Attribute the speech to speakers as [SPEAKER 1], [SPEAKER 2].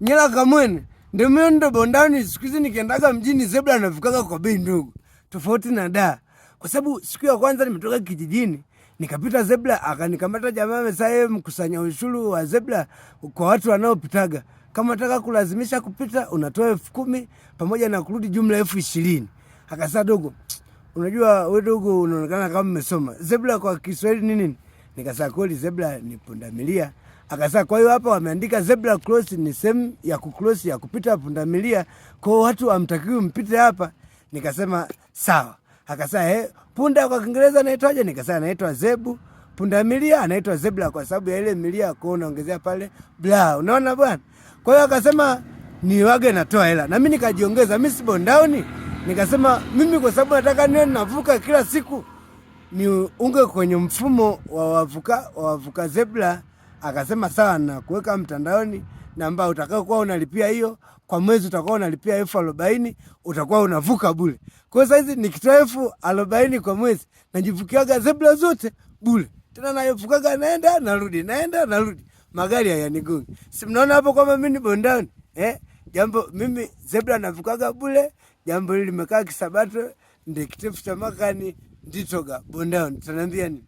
[SPEAKER 1] nyela kamwene ndio mimi ndo bondani. Siku hizi nikiendaga mjini zebra nafikaga kwa bei ndogo, tofauti na da, kwa sababu siku ya kwanza nimetoka kijijini nikapita zebra, akanikamata jamaa msaye, mkusanya ushuru wa zebra kwa watu wanaopitaga. Kama nataka kulazimisha kupita unatoa elfu kumi pamoja na kurudi, jumla elfu ishirini. Akasema dogo, unajua wewe dogo unaonekana kama umesoma. Zebra kwa Kiswahili ni nini? Nikasema kweli, zebra ni pundamilia. Akasema kwa hiyo hapa wameandika zebra cross ni sehemu ya kucross ya kupita pundamilia, kwa hiyo watu hamtakiwi mpite hapa. Nikasema sawa. Akasema eh, punda kwa Kiingereza anaitwaje? Nikasema anaitwa zebu. Pundamilia anaitwa zebra kwa sababu ya ile milia, kwa unaongezea pale bla, unaona bwana. Kwa hiyo akasema ni wage natoa hela, na mimi nikajiongeza, mimi si bondauni. Nikasema mimi kwa sababu nataka niwe navuka kila siku ni unge kwenye mfumo wa wavuka, wa wavuka zebra akasema sawa, na kuweka mtandaoni namba utakaokuwa unalipia hiyo kwa mwezi utakuwa unalipia elfu arobaini utakuwa unavuka bule. Kwa hiyo saizi nikitoa elfu arobaini kwa mwezi najivukiaga zebra zote bule, tena navukaga naenda narudi, naenda narudi, magari hayanigongi. Si mnaona hapo kwamba mi ni bondani eh? Jambo mimi zebra navukaga bule, jambo hili limekaa kisabato, ndio kitefu cha makani nditoga bondani, tanaambia nini?